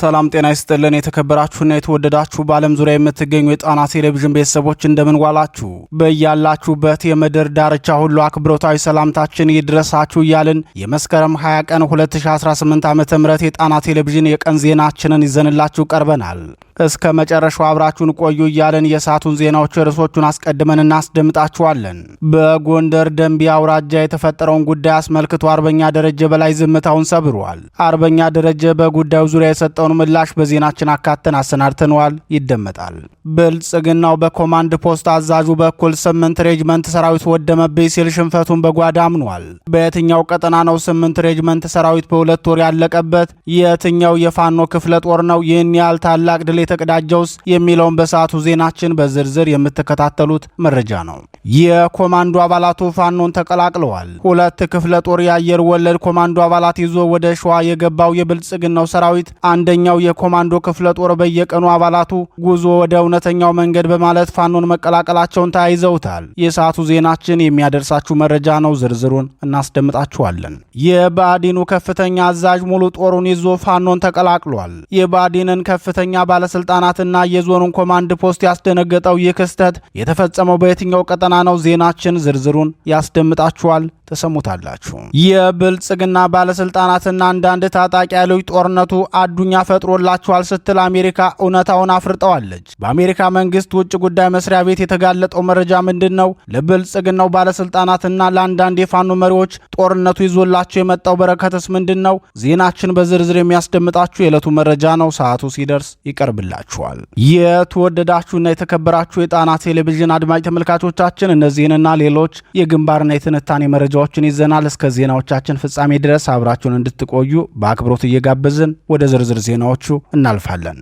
ሰላም ጤና ይስጥልን። የተከበራችሁና የተወደዳችሁ በዓለም ዙሪያ የምትገኙ የጣና ቴሌቪዥን ቤተሰቦች እንደምንዋላችሁ፣ በያላችሁበት የምድር ዳርቻ ሁሉ አክብሮታዊ ሰላምታችን ይድረሳችሁ እያልን የመስከረም 20 ቀን 2018 ዓ ም የጣና ቴሌቪዥን የቀን ዜናችንን ይዘንላችሁ ቀርበናል። እስከ መጨረሻው አብራችሁን ቆዩ እያለን የሰዓቱን ዜናዎች ርዕሶቹን አስቀድመን እናስደምጣችኋለን። በጎንደር ደንቢያ አውራጃ የተፈጠረውን ጉዳይ አስመልክቶ አርበኛ ደረጀ በላይ ዝምታውን ሰብሯል። አርበኛ ደረጀ በጉዳዩ ዙሪያ የሰጠውን ምላሽ በዜናችን አካተን አሰናድተነዋል፣ ይደመጣል። ብልጽግናው በኮማንድ ፖስት አዛዡ በኩል ስምንት ሬጅመንት ሰራዊት ወደመብኝ ሲል ሽንፈቱን በጓዳ አምኗል። በየትኛው ቀጠና ነው ስምንት ሬጅመንት ሰራዊት በሁለት ወር ያለቀበት? የትኛው የፋኖ ክፍለ ጦር ነው ይህን ያህል ታላቅ ድል የተቀዳጀውስ የሚለውን በሰዓቱ ዜናችን በዝርዝር የምትከታተሉት መረጃ ነው። የኮማንዶ አባላቱ ፋኖን ተቀላቅለዋል። ሁለት ክፍለ ጦር የአየር ወለድ ኮማንዶ አባላት ይዞ ወደ ሸዋ የገባው የብልጽግናው ሰራዊት አንደኛው የኮማንዶ ክፍለ ጦር በየቀኑ አባላቱ ጉዞ ወደ እውነተኛው መንገድ በማለት ፋኖን መቀላቀላቸውን ተያይዘውታል። የሰዓቱ ዜናችን የሚያደርሳችሁ መረጃ ነው። ዝርዝሩን እናስደምጣችኋለን። የባዲኑ ከፍተኛ አዛዥ ሙሉ ጦሩን ይዞ ፋኖን ተቀላቅሏል። የባዲንን ከፍተኛ ባለስ ባለስልጣናትና የዞኑን ኮማንድ ፖስት ያስደነገጠው ይህ ክስተት የተፈጸመው በየትኛው ቀጠና ነው? ዜናችን ዝርዝሩን ያስደምጣችኋል። ተሰሙታላችሁ። የብልጽግና ባለስልጣናትና አንዳንድ ታጣቂ ኃይሎች ጦርነቱ አዱኛ ፈጥሮላችኋል ስትል አሜሪካ እውነታውን አፍርጠዋለች። በአሜሪካ መንግስት ውጭ ጉዳይ መስሪያ ቤት የተጋለጠው መረጃ ምንድን ነው? ለብልጽግናው ባለስልጣናትና ለአንዳንድ የፋኖ መሪዎች ጦርነቱ ይዞላቸው የመጣው በረከትስ ምንድን ነው? ዜናችን በዝርዝር የሚያስደምጣችሁ የዕለቱ መረጃ ነው። ሰዓቱ ሲደርስ ይቀርብል ይቀርብላችኋል። የተወደዳችሁና የተከበራችሁ የጣና ቴሌቪዥን አድማጭ ተመልካቾቻችን እነዚህንና ሌሎች የግንባርና የትንታኔ መረጃዎችን ይዘናል። እስከ ዜናዎቻችን ፍጻሜ ድረስ አብራችሁን እንድትቆዩ በአክብሮት እየጋበዝን ወደ ዝርዝር ዜናዎቹ እናልፋለን።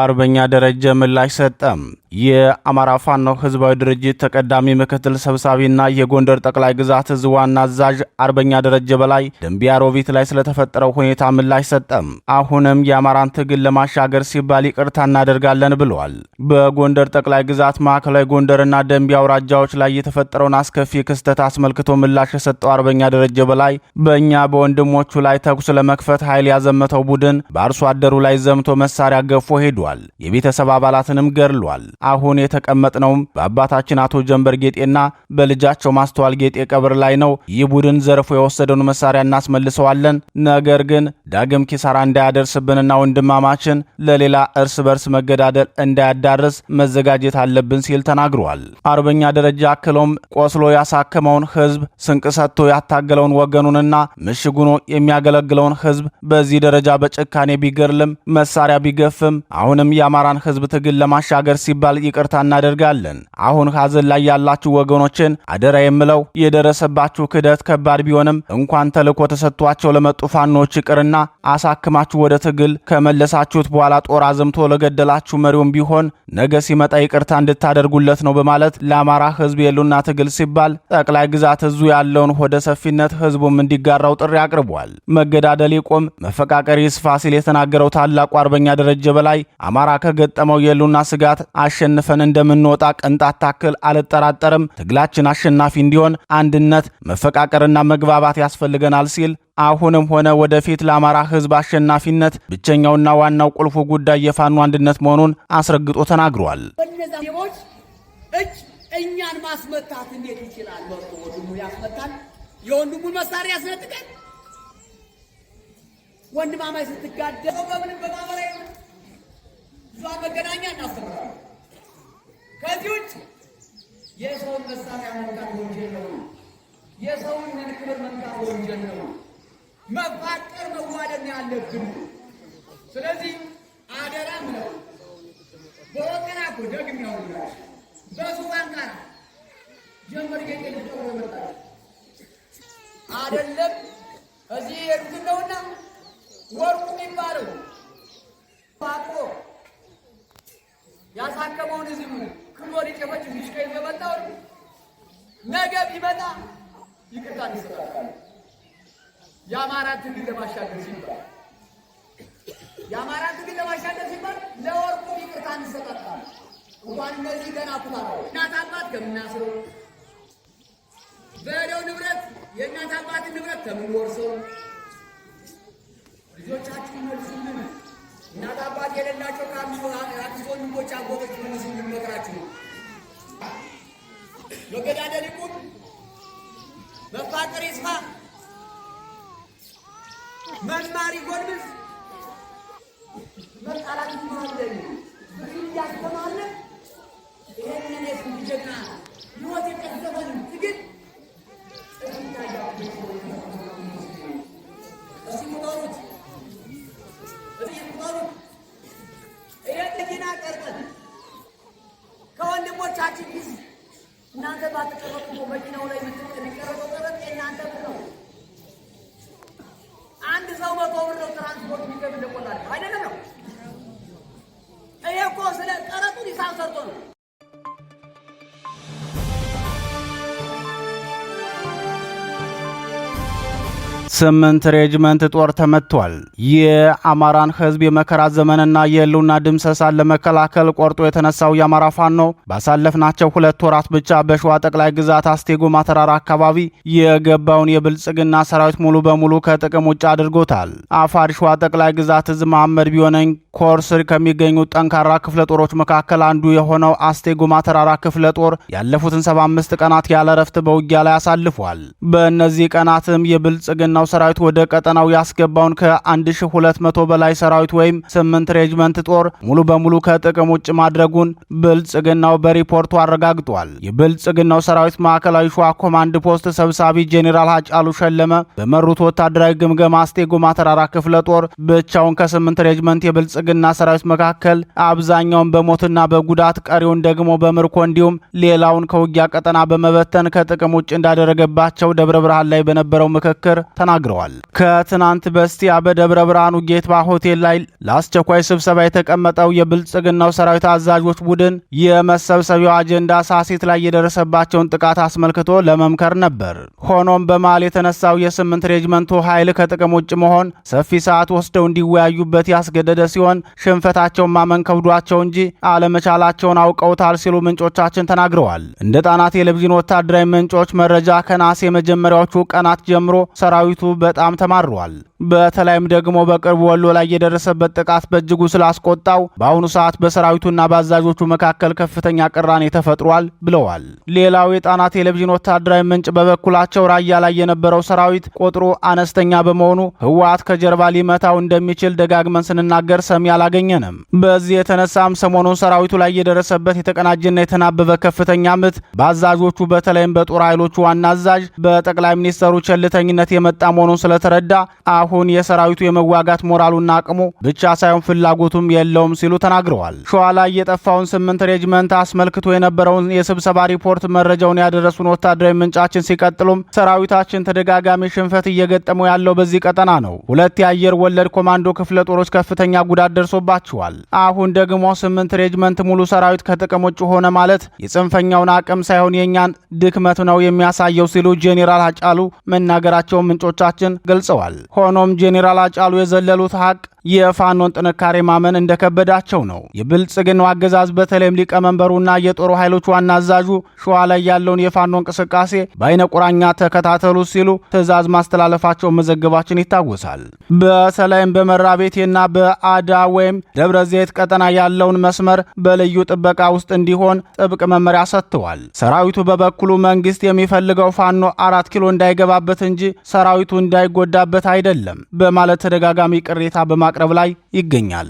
አርበኛ ደረጀ ምላሽ ሰጠም። የአማራ ፋኖ ህዝባዊ ድርጅት ተቀዳሚ ምክትል ሰብሳቢና የጎንደር ጠቅላይ ግዛት እዝ ዋና አዛዥ አርበኛ ደረጀ በላይ ደንቢያ ሮቢት ላይ ስለተፈጠረው ሁኔታ ምላሽ ሰጠም። አሁንም የአማራን ትግል ለማሻገር ሲባል ይቅርታ እናደርጋለን ብለዋል። በጎንደር ጠቅላይ ግዛት ማዕከላዊ ጎንደርና ደንቢያ አውራጃዎች ላይ የተፈጠረውን አስከፊ ክስተት አስመልክቶ ምላሽ የሰጠው አርበኛ ደረጀ በላይ በእኛ በወንድሞቹ ላይ ተኩስ ለመክፈት ኃይል ያዘመተው ቡድን በአርሶ አደሩ ላይ ዘምቶ መሳሪያ ገፎ ሄዷል። የቤተሰብ አባላትንም ገድሏል። አሁን የተቀመጥነውም በአባታችን አቶ ጀንበር ጌጤና በልጃቸው ማስተዋል ጌጤ ቀብር ላይ ነው። ይህ ቡድን ዘርፎ የወሰደውን መሳሪያ እናስመልሰዋለን። ነገር ግን ዳግም ኪሳራ እንዳያደርስብንና ወንድማማችን ለሌላ እርስ በርስ መገዳደል እንዳያዳርስ መዘጋጀት አለብን ሲል ተናግሯል። አርበኛ ደረጃ አክሎም ቆስሎ ያሳከመውን ህዝብ ስንቅ ሰጥቶ ያታገለውን ወገኑንና ምሽጉኖ የሚያገለግለውን ህዝብ በዚህ ደረጃ በጭካኔ ቢገርልም መሳሪያ ቢገፍም አሁንም የአማራን ህዝብ ትግል ለማሻገር ሲባል የሚባል ይቅርታ እናደርጋለን። አሁን ሐዘን ላይ ያላችሁ ወገኖችን አደራ የምለው የደረሰባችሁ ክህደት ከባድ ቢሆንም እንኳን ተልእኮ ተሰጥቷቸው ለመጡ ፋኖች ይቅርና አሳክማችሁ ወደ ትግል ከመለሳችሁት በኋላ ጦር አዘምቶ ለገደላችሁ መሪውም ቢሆን ነገ ሲመጣ ይቅርታ እንድታደርጉለት ነው በማለት ለአማራ ህዝብ የሉና ትግል ሲባል ጠቅላይ ግዛት እዙ ያለውን ሆደ ሰፊነት ህዝቡም እንዲጋራው ጥሪ አቅርቧል። መገዳደል ይቁም፣ መፈቃቀር ይስፋ ሲል የተናገረው ታላቁ አርበኛ ደረጀ በላይ አማራ ከገጠመው የሉና ስጋት አሸ አሸንፈን እንደምንወጣ ቅንጣት ታክል አልጠራጠርም። ትግላችን አሸናፊ እንዲሆን አንድነት፣ መፈቃቀርና መግባባት ያስፈልገናል ሲል አሁንም ሆነ ወደፊት ለአማራ ሕዝብ አሸናፊነት ብቸኛውና ዋናው ቁልፉ ጉዳይ የፋኑ አንድነት መሆኑን አስረግጦ ተናግሯል። እጅ እኛን ማስመታት እንዴት ይችላል? ወንድሙ ያስመታል። የወንድሙን መሳሪያ ያስነጥቀን። ወንድማማች ስትጋደ በምንም በማህበራዊ ብዙ መገናኛ መታጠቂያ መንካት ወንጀል ነው። የሰውነት ክብር መንካት ወንጀል ነው። መፋቀር መዋደድ ያለብን። ስለዚህ አደራም ነው በወቀና እኮ ደግም ያውላል በሱባን ጋር ጀመር የቀልጠው ወጣ አይደለም እዚህ የሄዱትን ነውና ወርቁ የሚባለው ፋቆ ያሳከመውን ህዝብ ክሎ ሊቄፎች ሚሽከ ይዘመጣው ነገ ቢመጣ ይቅርታ ይሰጣል። የአማራ ትግል ለማሻገር ሲባል የአማራ ትግል ለማሻገር ሲባል ለወርቁ ይቅርታ ይሰጣል። እንኳን እነዚህ ገና ኩታ እናት አባት ከምናስረው በደው ንብረት የእናት አባትን ንብረት ከምንወርሰው ልጆቻችሁ መልሱልን። እናት አባት የሌላቸው ከአዲስ ወንድሞች አጎቶች መልሱልን መከራችሁ መገዳደል ይቁም፣ መፋቀር ይስፋ፣ መማር ይጎልብስ፣ መጣላት ይማለ የስንት ጀግና ስምንት ሬጅመንት ጦር ተመቷል። የአማራን ህዝብ የመከራ ዘመንና የህልውና ድምሰሳን ለመከላከል ቆርጦ የተነሳው የአማራ ፋኖ ባሳለፍናቸው ሁለት ወራት ብቻ በሸዋ ጠቅላይ ግዛት አስቴጎማ ተራራ አካባቢ የገባውን የብልጽግና ሰራዊት ሙሉ በሙሉ ከጥቅም ውጭ አድርጎታል። አፋር ሸዋ ጠቅላይ ግዛት እዝ መሐመድ ቢሆነኝ ኮር ስር ከሚገኙ ጠንካራ ክፍለ ጦሮች መካከል አንዱ የሆነው አስቴጎማ ተራራ ክፍለ ጦር ያለፉትን 75 ቀናት ያለ ረፍት በውጊያ ላይ አሳልፏል። በእነዚህ ቀናትም የብልጽግናው የኤርትራው ሰራዊት ወደ ቀጠናው ያስገባውን ከ1200 በላይ ሰራዊት ወይም 8 ሬጅመንት ጦር ሙሉ በሙሉ ከጥቅም ውጭ ማድረጉን ብልጽግናው በሪፖርቱ አረጋግጧል። የብልጽግናው ሰራዊት ማዕከላዊ ሸዋ ኮማንድ ፖስት ሰብሳቢ ጄኔራል ሀጫሉ ሸለመ በመሩት ወታደራዊ ግምገማ ጎማ ተራራ ክፍለ ጦር ብቻውን ከ8 ሬጅመንት የብልጽግና ሰራዊት መካከል አብዛኛውን በሞትና በጉዳት ቀሪውን ደግሞ በምርኮ እንዲሁም ሌላውን ከውጊያ ቀጠና በመበተን ከጥቅም ውጭ እንዳደረገባቸው ደብረ ብርሃን ላይ በነበረው ምክክር ተናግረዋል። ተናግረዋል። ከትናንት በስቲያ በደብረ ብርሃኑ ጌትባ ሆቴል ላይ ለአስቸኳይ ስብሰባ የተቀመጠው የብልጽግናው ሰራዊት አዛዦች ቡድን የመሰብሰቢያው አጀንዳ ሳሴት ላይ የደረሰባቸውን ጥቃት አስመልክቶ ለመምከር ነበር። ሆኖም በመሃል የተነሳው የስምንት ሬጅመንቱ ኃይል ከጥቅም ውጭ መሆን ሰፊ ሰዓት ወስደው እንዲወያዩበት ያስገደደ ሲሆን ሽንፈታቸውን ማመን ከብዷቸው እንጂ አለመቻላቸውን አውቀውታል ሲሉ ምንጮቻችን ተናግረዋል። እንደ ጣና ቴሌቪዥን ወታደራዊ ምንጮች መረጃ ከነሐሴ መጀመሪያዎቹ ቀናት ጀምሮ ሰራዊቱ በጣም ተማሯል። በተለይም ደግሞ በቅርብ ወሎ ላይ የደረሰበት ጥቃት በእጅጉ ስላስቆጣው በአሁኑ ሰዓት በሰራዊቱና በአዛዦቹ መካከል ከፍተኛ ቅራኔ ተፈጥሯል ብለዋል። ሌላው የጣና ቴሌቪዥን ወታደራዊ ምንጭ በበኩላቸው ራያ ላይ የነበረው ሰራዊት ቁጥሩ አነስተኛ በመሆኑ ህወሓት ከጀርባ ሊመታው እንደሚችል ደጋግመን ስንናገር ሰሚ አላገኘንም። በዚህ የተነሳም ሰሞኑን ሰራዊቱ ላይ የደረሰበት የተቀናጀና የተናበበ ከፍተኛ ምት በአዛዦቹ በተለይም በጦር ኃይሎቹ ዋና አዛዥ በጠቅላይ ሚኒስትሩ ቸልተኝነት የመጣ መሆኑን ስለተረዳ አሁን የሰራዊቱ የመዋጋት ሞራሉና አቅሙ ብቻ ሳይሆን ፍላጎቱም የለውም ሲሉ ተናግረዋል። ሸዋ ላይ የጠፋውን ስምንት ሬጅመንት አስመልክቶ የነበረውን የስብሰባ ሪፖርት መረጃውን ያደረሱን ወታደራዊ ምንጫችን ሲቀጥሉም ሰራዊታችን ተደጋጋሚ ሽንፈት እየገጠመው ያለው በዚህ ቀጠና ነው። ሁለት የአየር ወለድ ኮማንዶ ክፍለ ጦሮች ከፍተኛ ጉዳት ደርሶባቸዋል። አሁን ደግሞ ስምንት ሬጅመንት ሙሉ ሰራዊት ከጥቅም ውጭ ሆነ ማለት የጽንፈኛውን አቅም ሳይሆን የእኛን ድክመት ነው የሚያሳየው ሲሉ ጄኔራል አጫሉ መናገራቸውን ምንጮች ምንጮቻችን ገልጸዋል። ሆኖም ጄኔራል አጫሉ የዘለሉት ሀቅ የፋኖን ጥንካሬ ማመን እንደከበዳቸው ነው። የብልጽግናው አገዛዝ በተለይም ሊቀመንበሩና የጦር ኃይሎች ዋና አዛዡ ሸዋ ላይ ያለውን የፋኖ እንቅስቃሴ በአይነ ቁራኛ ተከታተሉ ሲሉ ትዕዛዝ ማስተላለፋቸው መዘገባችን ይታወሳል። በተለይም በመራ ቤቴና በአዳ ወይም ደብረ ዘይት ቀጠና ያለውን መስመር በልዩ ጥበቃ ውስጥ እንዲሆን ጥብቅ መመሪያ ሰጥተዋል። ሰራዊቱ በበኩሉ መንግስት የሚፈልገው ፋኖ አራት ኪሎ እንዳይገባበት እንጂ ሰራዊቱ ሰራዊቱ እንዳይጎዳበት አይደለም በማለት ተደጋጋሚ ቅሬታ በማቅረብ ላይ ይገኛል።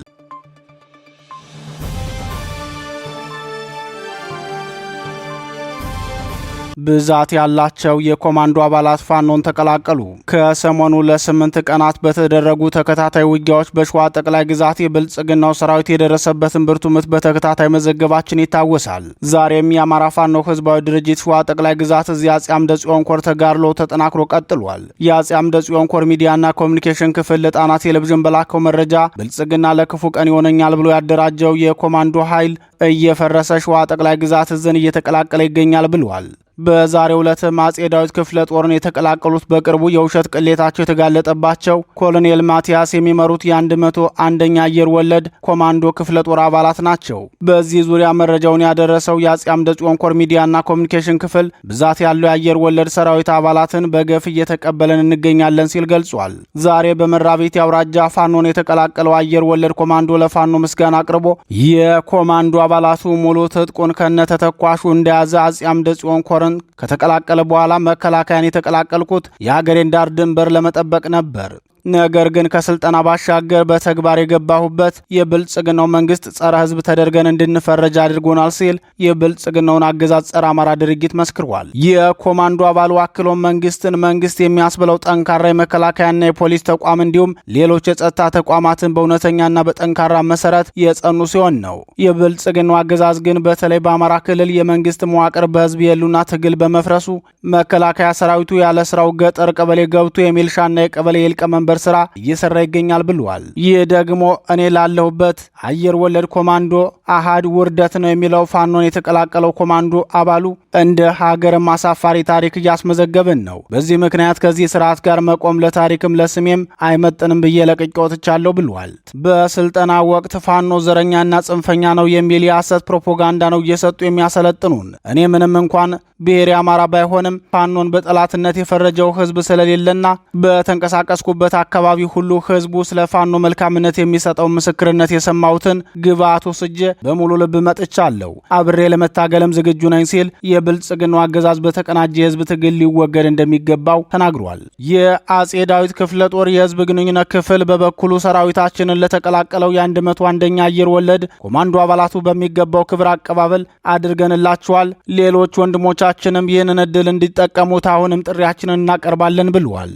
ብዛት ያላቸው የኮማንዶ አባላት ፋኖን ተቀላቀሉ። ከሰሞኑ ለስምንት ቀናት በተደረጉ ተከታታይ ውጊያዎች በሸዋ ጠቅላይ ግዛት የብልጽግናው ሰራዊት የደረሰበትን ብርቱ ምት በተከታታይ መዘገባችን ይታወሳል። ዛሬም የአማራ ፋኖ ህዝባዊ ድርጅት ሸዋ ጠቅላይ ግዛት እዚህ አጼ አምደ ጽዮን ኮር ተጋድሎ ተጠናክሮ ቀጥሏል። የአጼ አምደ ጽዮን ኮር ሚዲያና ኮሚኒኬሽን ክፍል ለጣና ቴሌቪዥን በላከው መረጃ ብልጽግና ለክፉ ቀን ይሆነኛል ብሎ ያደራጀው የኮማንዶ ኃይል እየፈረሰ ሸዋ ጠቅላይ ግዛት እዝን እየተቀላቀለ ይገኛል ብለዋል። በዛሬው ዕለት አጼ ዳዊት ክፍለ ጦርን የተቀላቀሉት በቅርቡ የውሸት ቅሌታቸው የተጋለጠባቸው ኮሎኔል ማቲያስ የሚመሩት የ 101 አየር ወለድ ኮማንዶ ክፍለ ጦር አባላት ናቸው። በዚህ ዙሪያ መረጃውን ያደረሰው የአጼ አምደ ጽዮን ኮር ሚዲያና ኮሚኒኬሽን ክፍል ብዛት ያለው የአየር ወለድ ሰራዊት አባላትን በገፍ እየተቀበለን እንገኛለን ሲል ገልጿል። ዛሬ በመራቤቴ አውራጃ ፋኖን የተቀላቀለው አየር ወለድ ኮማንዶ ለፋኖ ምስጋና አቅርቦ የኮማንዶ አባላቱ ሙሉ ትጥቁን ከነተተኳሹ እንደያዘ አጼ አምደ ጽዮን ኮር ጦርን ከተቀላቀለ በኋላ መከላከያን የተቀላቀልኩት የአገሬን ዳር ድንበር ለመጠበቅ ነበር። ነገር ግን ከስልጠና ባሻገር በተግባር የገባሁበት የብልጽግናው መንግስት ጸረ ህዝብ ተደርገን እንድንፈረጅ አድርጎናል ሲል የብልጽግናውን አገዛዝ ጸረ አማራ ድርጊት መስክሯል። የኮማንዶ አባሉ አክሎ መንግስትን መንግስት የሚያስብለው ጠንካራ የመከላከያና የፖሊስ ተቋም እንዲሁም ሌሎች የጸጥታ ተቋማትን በእውነተኛና በጠንካራ መሰረት የጸኑ ሲሆን ነው። የብልጽግናው አገዛዝ ግን በተለይ በአማራ ክልል የመንግስት መዋቅር በህዝብ የሉና ትግል በመፍረሱ መከላከያ ሰራዊቱ ያለ ስራው ገጠር ቀበሌ ገብቶ የሚልሻና የቀበሌ የሊቀመንበር የማዳበር ስራ እየሰራ ይገኛል ብለዋል። ይህ ደግሞ እኔ ላለሁበት አየር ወለድ ኮማንዶ አሃድ ውርደት ነው የሚለው ፋኖን የተቀላቀለው ኮማንዶ አባሉ እንደ ሀገርም አሳፋሪ ታሪክ እያስመዘገብን ነው። በዚህ ምክንያት ከዚህ ስርዓት ጋር መቆም ለታሪክም ለስሜም አይመጥንም ብዬ ለቅቄ ወጥቻለሁ ብሏል። በስልጠና ወቅት ፋኖ ዘረኛና ጽንፈኛ ነው የሚል የሐሰት ፕሮፓጋንዳ ነው እየሰጡ የሚያሰለጥኑን። እኔ ምንም እንኳን ብሔር አማራ ባይሆንም ፋኖን በጠላትነት የፈረጀው ህዝብ ስለሌለና በተንቀሳቀስኩበት አካባቢ ሁሉ ህዝቡ ስለ ፋኖ መልካምነት የሚሰጠው ምስክርነት የሰማሁትን ግብአት ወስጄ በሙሉ ልብ መጥቻለሁ። አብሬ ለመታገልም ዝግጁ ነኝ ሲል የብልጽግናው አገዛዝ በተቀናጀ የህዝብ ትግል ሊወገድ እንደሚገባው ተናግሯል። የአጼ ዳዊት ክፍለ ጦር የህዝብ ግንኙነት ክፍል በበኩሉ ሰራዊታችንን ለተቀላቀለው የአንድ መቶ አንደኛ አየር ወለድ ኮማንዶ አባላቱ በሚገባው ክብር አቀባበል አድርገንላቸዋል። ሌሎች ወንድሞቻችንም ይህንን እድል እንዲጠቀሙት አሁንም ጥሪያችንን እናቀርባለን ብለዋል።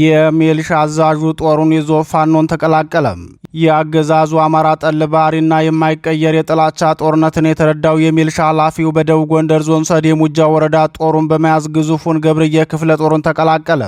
የሚሊሻ አዛዡ ጦሩን ይዞ ፋኖን ተቀላቀለ። የአገዛዙ አማራ ጠል ባህሪና የማይቀየር የጥላቻ ጦርነትን የተረዳው የሚልሻ ኃላፊው በደቡብ ጎንደር ዞን ሰዴ ሙጃ ወረዳ ጦሩን በመያዝ ግዙፉን ገብርዬ ክፍለ ጦሩን ተቀላቀለ።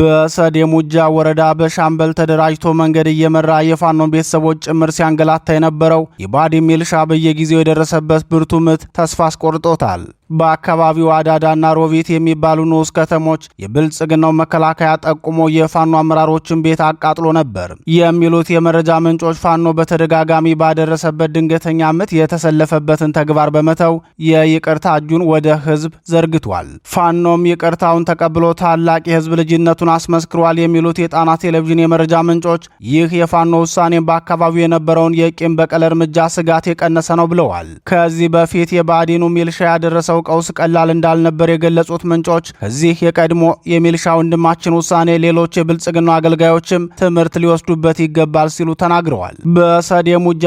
በሰዴ ሙጃ ወረዳ በሻምበል ተደራጅቶ መንገድ እየመራ የፋኖን ቤተሰቦች ጭምር ሲያንገላታ የነበረው የባዲ ሜልሻ በየጊዜው የደረሰበት ብርቱ ምት ተስፋ አስቆርጦታል። በአካባቢው አዳዳና ሮቢት የሚባሉ ንዑስ ከተሞች የብልጽግናው መከላከያ ጠቁ አቁሞ የፋኖ አመራሮችን ቤት አቃጥሎ ነበር የሚሉት የመረጃ ምንጮች ፋኖ በተደጋጋሚ ባደረሰበት ድንገተኛ ምት የተሰለፈበትን ተግባር በመተው የይቅርታ እጁን ወደ ህዝብ ዘርግቷል። ፋኖም ይቅርታውን ተቀብሎ ታላቅ የህዝብ ልጅነቱን አስመስክሯል የሚሉት የጣና ቴሌቪዥን የመረጃ ምንጮች ይህ የፋኖ ውሳኔ በአካባቢው የነበረውን የቂም በቀል እርምጃ ስጋት የቀነሰ ነው ብለዋል። ከዚህ በፊት የባዲኑ ሚልሻ ያደረሰው ቀውስ ቀላል እንዳልነበር የገለጹት ምንጮች ከዚህ የቀድሞ የሚልሻ ወንድማችን ውሳኔ ሌሎች የብልጽግና አገልጋዮችም ትምህርት ሊወስዱበት ይገባል ሲሉ ተናግረዋል። በሰዴ ሙጃ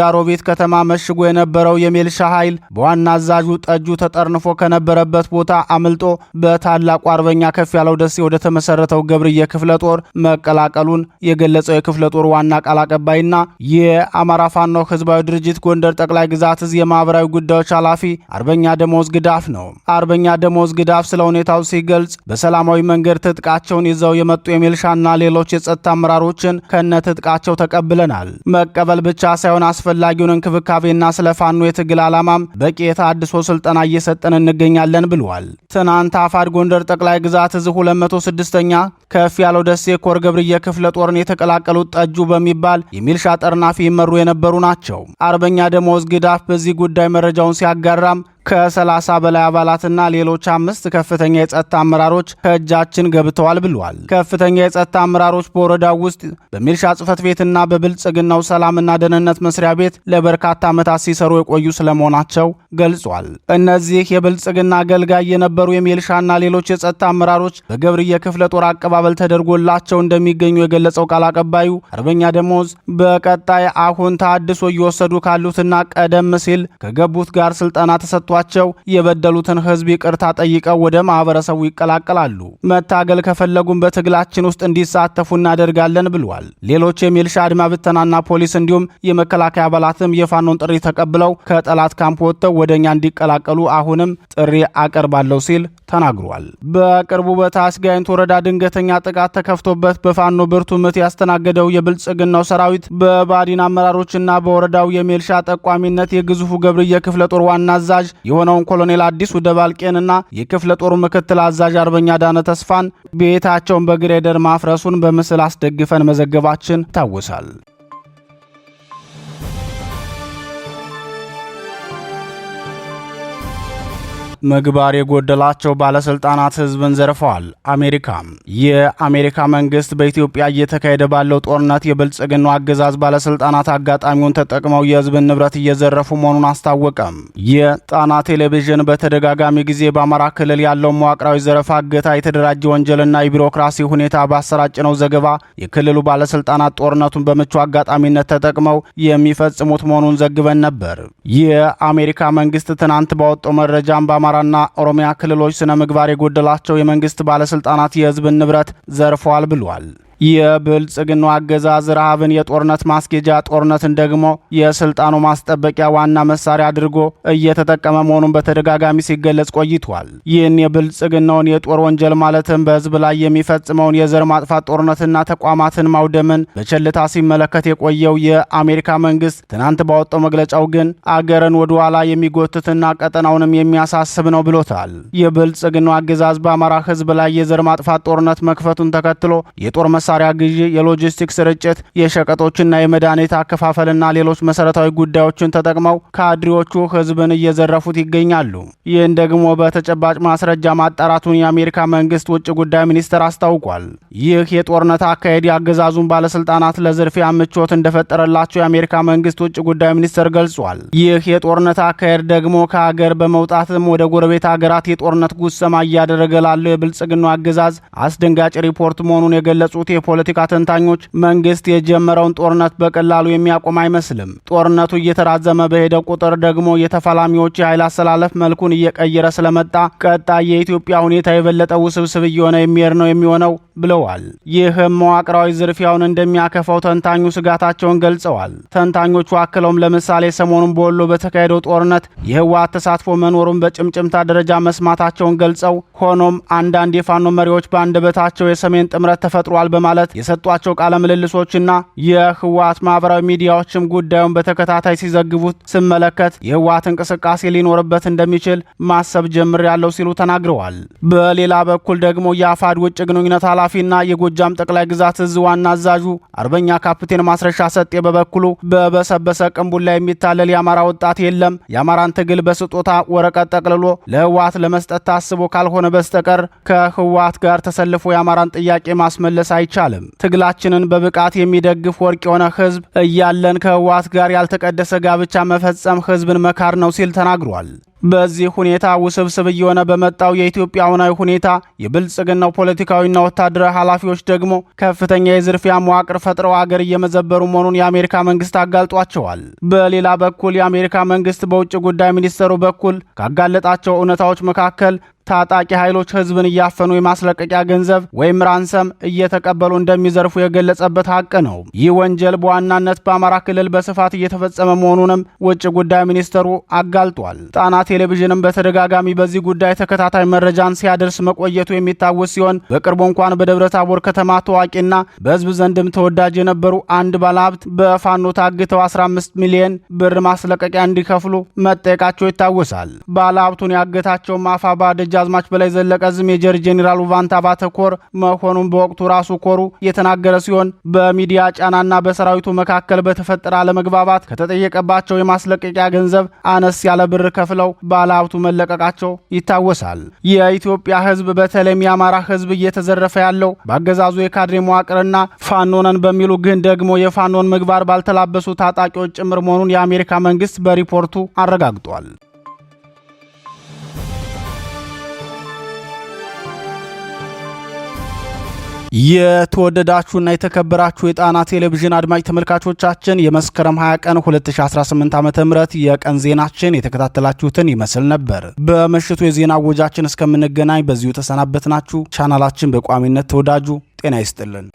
ከተማ መሽጎ የነበረው የሜልሻ ኃይል በዋና አዛዡ ጠጁ ተጠርንፎ ከነበረበት ቦታ አምልጦ በታላቁ አርበኛ ከፍ ያለው ደሴ ወደ ተመሰረተው ገብርዬ ክፍለ ጦር መቀላቀሉን የገለጸው የክፍለ ጦር ዋና ቃል አቀባይና የአማራ ፋኖ ህዝባዊ ድርጅት ጎንደር ጠቅላይ ግዛት እዝ የማህበራዊ ጉዳዮች ኃላፊ አርበኛ ደሞዝ ግዳፍ ነው። አርበኛ ደሞዝ ግዳፍ ስለ ሁኔታው ሲገልጽ በሰላማዊ መንገድ ትጥቃቸውን ይዘው የመጡ ሚልሻና ሌሎች የጸጥታ አመራሮችን ከነትጥቃቸው ተቀብለናል። መቀበል ብቻ ሳይሆን አስፈላጊውን እንክብካቤና ስለ ፋኖ የትግል ዓላማም በቂ የተሃድሶ ስልጠና እየሰጠን እንገኛለን ብለዋል። ትናንት አፋድ ጎንደር ጠቅላይ ግዛት እዝ 206ኛ ከፍ ያለው ደሴ ኮር ገብርዬ ክፍለ ጦርን የተቀላቀሉት ጠጁ በሚባል የሚልሻ ጠርናፊ ይመሩ የነበሩ ናቸው። አርበኛ ደሞዝ ግዳፍ በዚህ ጉዳይ መረጃውን ሲያጋራም ከ30 በላይ አባላትና ሌሎች አምስት ከፍተኛ የጸጥታ አመራሮች ከእጃችን ገብተዋል ብሏል። ከፍተኛ የጸጥታ አመራሮች በወረዳው ውስጥ በሚልሻ ጽፈት ቤትና በብልጽግናው ሰላምና ደህንነት መስሪያ ቤት ለበርካታ ዓመታት ሲሰሩ የቆዩ ስለመሆናቸው ገልጿል። እነዚህ የብልጽግና አገልጋይ የነበሩ የሚልሻና ሌሎች የጸጥታ አመራሮች በገብርዬ ክፍለ ጦር አቀባበል ተደርጎላቸው እንደሚገኙ የገለጸው ቃል አቀባዩ አርበኛ ደሞዝ በቀጣይ አሁን ታድሶ እየወሰዱ ካሉትና ቀደም ሲል ከገቡት ጋር ስልጠና ተሰጥቷል ተሰጥቷቸው የበደሉትን ህዝብ ይቅርታ ጠይቀው ወደ ማህበረሰቡ ይቀላቀላሉ። መታገል ከፈለጉም በትግላችን ውስጥ እንዲሳተፉ እናደርጋለን ብሏል። ሌሎች የሚልሻ አድማ ብተናና ፖሊስ እንዲሁም የመከላከያ አባላትም የፋኖን ጥሪ ተቀብለው ከጠላት ካምፕ ወጥተው ወደ እኛ እንዲቀላቀሉ አሁንም ጥሪ አቀርባለሁ ሲል ተናግሯል። በቅርቡ በታች ጋይንት ወረዳ ድንገተኛ ጥቃት ተከፍቶበት በፋኖ ብርቱ ምት ያስተናገደው የብልጽግናው ሰራዊት በባዲን አመራሮችና በወረዳው የሚልሻ ጠቋሚነት የግዙፉ ገብርዬ ክፍለ ጦር ዋና አዛዥ የሆነውን ኮሎኔል አዲሱ ደባልቄንና የክፍለ ጦሩ ምክትል አዛዥ አርበኛ ዳነ ተስፋን ቤታቸውን በግሬደር ማፍረሱን በምስል አስደግፈን መዘገባችን ይታወሳል። ምግባር የጎደላቸው ባለስልጣናት ህዝብን ዘርፈዋል። አሜሪካ የአሜሪካ መንግስት በኢትዮጵያ እየተካሄደ ባለው ጦርነት የብልጽግናው አገዛዝ ባለስልጣናት አጋጣሚውን ተጠቅመው የህዝብን ንብረት እየዘረፉ መሆኑን አስታወቀም። የጣና ቴሌቪዥን በተደጋጋሚ ጊዜ በአማራ ክልል ያለው መዋቅራዊ ዘረፋ፣ እገታ፣ የተደራጀ ወንጀልና የቢሮክራሲ ሁኔታ ባሰራጭነው ዘገባ የክልሉ ባለስልጣናት ጦርነቱን በምቹ አጋጣሚነት ተጠቅመው የሚፈጽሙት መሆኑን ዘግበን ነበር። የአሜሪካ መንግስት ትናንት ባወጣው መረጃም በአማራ አማራና ኦሮሚያ ክልሎች ስነ ምግባር የጎደላቸው የመንግስት ባለስልጣናት የህዝብን ንብረት ዘርፈዋል ብሏል። የብልጽግናው አገዛዝ ረሃብን የጦርነት ማስጌጃ ጦርነትን ደግሞ የስልጣኑ ማስጠበቂያ ዋና መሳሪያ አድርጎ እየተጠቀመ መሆኑን በተደጋጋሚ ሲገለጽ ቆይቷል። ይህን የብልጽግናውን የጦር ወንጀል ማለትም በህዝብ ላይ የሚፈጽመውን የዘር ማጥፋት ጦርነትና ተቋማትን ማውደምን በቸልታ ሲመለከት የቆየው የአሜሪካ መንግስት ትናንት ባወጣው መግለጫው ግን አገርን ወደ ኋላ የሚጎትትና ቀጠናውንም የሚያሳስብ ነው ብሎታል። የብልጽግናው አገዛዝ በአማራ ህዝብ ላይ የዘር ማጥፋት ጦርነት መክፈቱን ተከትሎ የጦር የመሳሪያ ግዢ፣ የሎጂስቲክስ ስርጭት፣ የሸቀጦችና የመድኃኒት አከፋፈልና ሌሎች መሰረታዊ ጉዳዮችን ተጠቅመው ካድሬዎቹ ህዝብን እየዘረፉት ይገኛሉ። ይህን ደግሞ በተጨባጭ ማስረጃ ማጣራቱን የአሜሪካ መንግስት ውጭ ጉዳይ ሚኒስቴር አስታውቋል። ይህ የጦርነት አካሄድ የአገዛዙን ባለስልጣናት ለዝርፊያ ምቾት እንደፈጠረላቸው የአሜሪካ መንግስት ውጭ ጉዳይ ሚኒስቴር ገልጿል። ይህ የጦርነት አካሄድ ደግሞ ከሀገር በመውጣትም ወደ ጎረቤት ሀገራት የጦርነት ጉሰማ እያደረገ ላለው የብልጽግናው አገዛዝ አስደንጋጭ ሪፖርት መሆኑን የገለጹት የፖለቲካ ተንታኞች መንግስት የጀመረውን ጦርነት በቀላሉ የሚያቆም አይመስልም። ጦርነቱ እየተራዘመ በሄደ ቁጥር ደግሞ የተፋላሚዎች የኃይል አሰላለፍ መልኩን እየቀየረ ስለመጣ ቀጣይ የኢትዮጵያ ሁኔታ የበለጠ ውስብስብ እየሆነ የሚሄድ ነው የሚሆነው ብለዋል። ይህም መዋቅራዊ ዝርፊያውን እንደሚያከፋው ተንታኙ ስጋታቸውን ገልጸዋል። ተንታኞቹ አክለውም ለምሳሌ ሰሞኑን በወሎ በተካሄደው ጦርነት የህወሓት ተሳትፎ መኖሩን በጭምጭምታ ደረጃ መስማታቸውን ገልጸው ሆኖም አንዳንድ የፋኖ መሪዎች በአንደበታቸው የሰሜን ጥምረት ተፈጥሯል በማ በማለት የሰጧቸው ቃለ ምልልሶችና የህወሓት ማህበራዊ ሚዲያዎችም ጉዳዩን በተከታታይ ሲዘግቡት ስመለከት የህወሓት እንቅስቃሴ ሊኖርበት እንደሚችል ማሰብ ጀምር ያለው ሲሉ ተናግረዋል። በሌላ በኩል ደግሞ የአፋድ ውጭ ግንኙነት ኃላፊና የጎጃም ጠቅላይ ግዛት እዝ ዋና አዛዡ አርበኛ ካፕቴን ማስረሻ ሰጤ በበኩሉ በበሰበሰ ቅንቡላ የሚታለል የአማራ ወጣት የለም። የአማራን ትግል በስጦታ ወረቀት ጠቅልሎ ለህወሓት ለመስጠት ታስቦ ካልሆነ በስተቀር ከህወሓት ጋር ተሰልፎ የአማራን ጥያቄ ማስመለስ አይችል አይቻልም። ትግላችንን በብቃት የሚደግፍ ወርቅ የሆነ ህዝብ እያለን ከህወሓት ጋር ያልተቀደሰ ጋብቻ መፈጸም ህዝብን መካር ነው ሲል ተናግሯል። በዚህ ሁኔታ ውስብስብ እየሆነ በመጣው የኢትዮጵያ አሁናዊ ሁኔታ የብልጽግናው ፖለቲካዊና ወታደራዊ ኃላፊዎች ደግሞ ከፍተኛ የዝርፊያ መዋቅር ፈጥረው አገር እየመዘበሩ መሆኑን የአሜሪካ መንግስት አጋልጧቸዋል። በሌላ በኩል የአሜሪካ መንግስት በውጭ ጉዳይ ሚኒስትሩ በኩል ካጋለጣቸው እውነታዎች መካከል ታጣቂ ኃይሎች ህዝብን እያፈኑ የማስለቀቂያ ገንዘብ ወይም ራንሰም እየተቀበሉ እንደሚዘርፉ የገለጸበት ሀቅ ነው። ይህ ወንጀል በዋናነት በአማራ ክልል በስፋት እየተፈጸመ መሆኑንም ውጭ ጉዳይ ሚኒስተሩ አጋልጧል። ጣና ቴሌቪዥንም በተደጋጋሚ በዚህ ጉዳይ ተከታታይ መረጃን ሲያደርስ መቆየቱ የሚታወስ ሲሆን በቅርቡ እንኳን በደብረ ታቦር ከተማ ታዋቂና በህዝብ ዘንድም ተወዳጅ የነበሩ አንድ ባለሀብት በፋኖ ታግተው 15 ሚሊዮን ብር ማስለቀቂያ እንዲከፍሉ መጠየቃቸው ይታወሳል። ባለሀብቱን ያገታቸው ማፋባ ደጃ ደጃዝማች በላይ ዘለቀ ዝ ሜጀር ጄኔራል ውባንታ ባተኮር መሆኑን በወቅቱ ራሱ ኮሩ የተናገረ ሲሆን በሚዲያ ጫናና በሰራዊቱ መካከል በተፈጠረ አለመግባባት ከተጠየቀባቸው የማስለቀቂያ ገንዘብ አነስ ያለ ብር ከፍለው ባለሀብቱ መለቀቃቸው ይታወሳል። የኢትዮጵያ ሕዝብ በተለይም የአማራ ሕዝብ እየተዘረፈ ያለው በአገዛዙ የካድሬ መዋቅርና ፋኖነን በሚሉ ግን ደግሞ የፋኖን ምግባር ባልተላበሱ ታጣቂዎች ጭምር መሆኑን የአሜሪካ መንግስት በሪፖርቱ አረጋግጧል። የተወደዳችሁና የተከበራችሁ የጣና ቴሌቪዥን አድማጭ ተመልካቾቻችን የመስከረም 20 ቀን 2018 ዓ.ም የቀን ዜናችን የተከታተላችሁትን ይመስል ነበር። በምሽቱ የዜና ወጃችን እስከምንገናኝ በዚሁ ተሰናበትናችሁ። ቻናላችን በቋሚነት ተወዳጁ ጤና ይስጥልን።